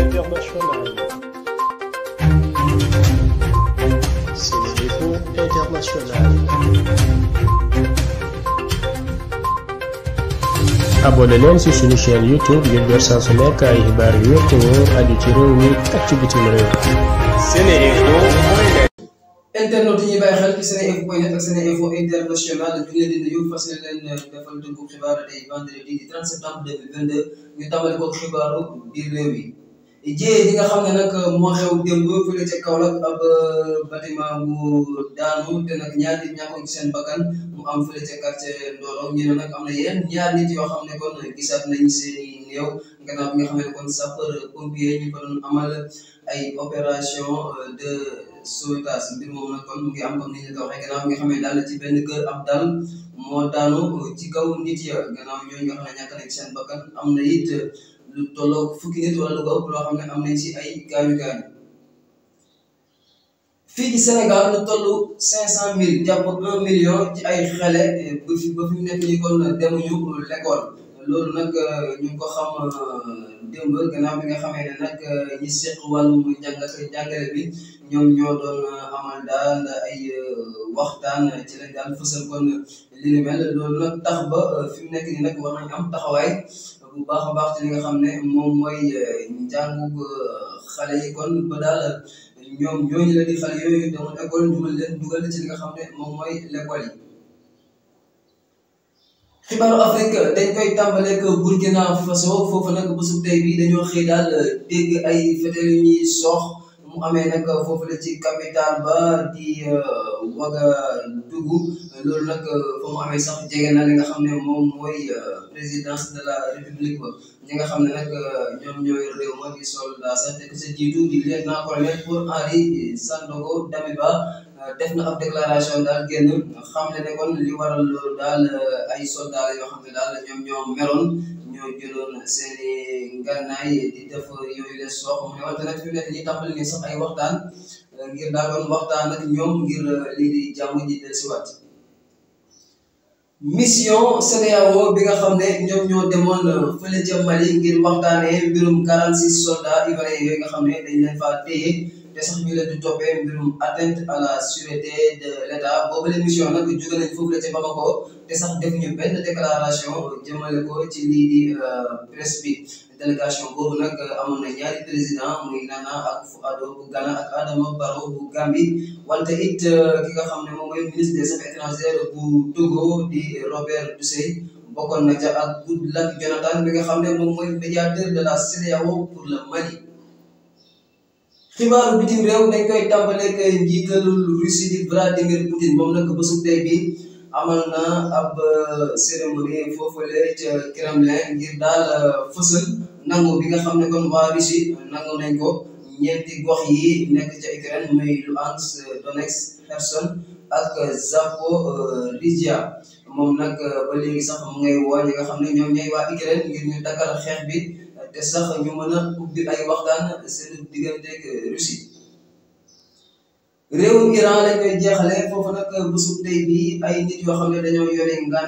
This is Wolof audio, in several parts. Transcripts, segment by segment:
internationale. C'est l'info internationale. abonné YouTube ngir jot saa su nekk ay xibaar yu wér te wóor aju ci réew mi ak ci bitim réew. Seneinfo. internet yi ñuy bàyyi xel ci Seneinfo point net ak Seneinfo international ñu leen di nuyu fas leen defal dëggu xibaar tey vendredi di 30 septembre 2022 ñu tàmbali ko xibaaru biir réew yi. jiyee di nga xam ne nag moo xew démb fële ca ab euh, bâtiment bu daanu te nag ñaar nit ñàkkoon ci seen bakkan am fële ca quartier Ndoro ñu ne am na yeneen ñaar nit xam ne kon gisaat nañ seen i néew gannaaw bi nga xam ne kon sapeur pompier ñu ko doon ay opération euh, de sauvetage mbir moom nag kon mu am bi nga xam daal ci benn kër ab daal moo daanu ci kaw nit ya gannaaw ñooñu nga xam ne ñàkk nañ seen am na it. lu tolloo fukki nit wala lu ko ëpp loo xam ci ay gaañu gaañu fii ci Sénégal lu toll cinq cent mille jàpp un million ci ay xale eh, ba fi ba fi mu nekk nii kon demuñu loolu nag euh, ñu ngi ko xam euh, démb gannaaw bi nga xamee ne nag euh, ñi seq wàllum jàng ak bi ñoom ñoo doon amal daal ay waxtaan ci lañ daal fësal kon li loolu nag tax ba fi nekk nii nag war nañ am taxawaay bu baax baax ci li nga xam ne moom mooy euh, njàngug euh, xale yi kon ba daal ñoom ñooñu la di xale yooyu demoon école ñu mën dugal ci li nga xam ne moom mooy l'école yi. xibaaru Afrique dañ koy tàmbaleeg Burkina Faso foofu nag bésub tey bi dañoo xëy daal euh, dégg ay fetel yu ñuy sox. mu amee nag foofu la ci capital ba di euh, dugu loolu nag euh, fa mu amee sax jege na li nga xam ne moom mooy euh, présidence de la république ba ñi nga xam ne nag ñoom ñooy réew ma di soldat sax te sa jiitu di lieutenant colonel pour Henri Sandogo Damiba def na ab déclaration daal génn xam ne ne kon waral loolu daal ay soldats yoo xam daal ñoom ñoo ñoo jëloon seen ngànnaay di def yooyu la sox mu ne wante fi mu nekk ñu ni sax ay waxtaan euh, ngir daa doon waxtaan ak ñoom ngir euh, lii di jàmm ji dellusiwaat mission CEDEAO bi nga xam ne ñoom ñoo demoon euh, fële ca Mali ngir waxtaanee mbirum 46 i ivoiriens yooyu nga xam ne dañ leen faa te sax ñu leen di mbirum atteinte à la sûreté de l' état mission nag jóge nañ foofu la ca Bamako te sax defuñu benn déclaration jëmale ko ci lii di euh, presse bi délégation boobu nag amoon na ñaari président muy Nana ak Addo bu Ghana ak Adama Barrow bu Gambie wante it euh, ki nga xam ne moom mooy ministre des affaires étrangères bu Togo di Robert Dussey. bokkoon na ca ak Goodluck Jonathan bi nga xam ne moom mooy médiateur de la CEDEAO pour xibaaru bitim réew dañ koy tàmbaleeg njiitalul Russie di Vladimir Poutine moom nag bésu tey bi amal na ab euh, cérémonie foofule ca Kremlin ngir daal euh, fësal nangu bi nga xam ne kon waa Russie nangu nañ ko ñeenti gox yi nekk ca Ukraine muy Luhansk euh, Donetsk Kherson ak Zaporijia moom nag ba léegi sax mu ngay woo ñi nga xam ne ñoom ñooy waa Ukraine ngir xeex bi. te sax ñu mën a ubbi ay waxtaan seen digganteeg euh, Russie réewum Iran lañ koy jeexale foofu nag bésub tey bi ay nit yoo xam ne dañoo nga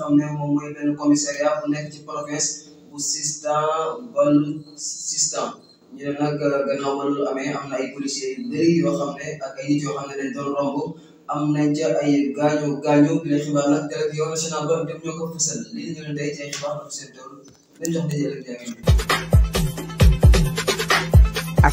xam ne moom mooy benn commissariat bu nekk ci province bu Sistan Baluchistan ñu ne nag euh, gannaaw ba loolu amee am na ay policiers yu bëri yoo xam ne ak ay nit ne dañ doon am nañ ca ay gaañu gaañu bi la xibaar nag télé yow national ba ñoom ñoo ko fësal lii ñu leen day ci ay xibaar doon seen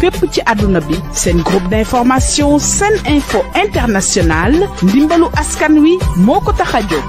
fépp ci adduna bi seen groupe d'information seen info international ndimbalu askan wi moo ko tax a jóg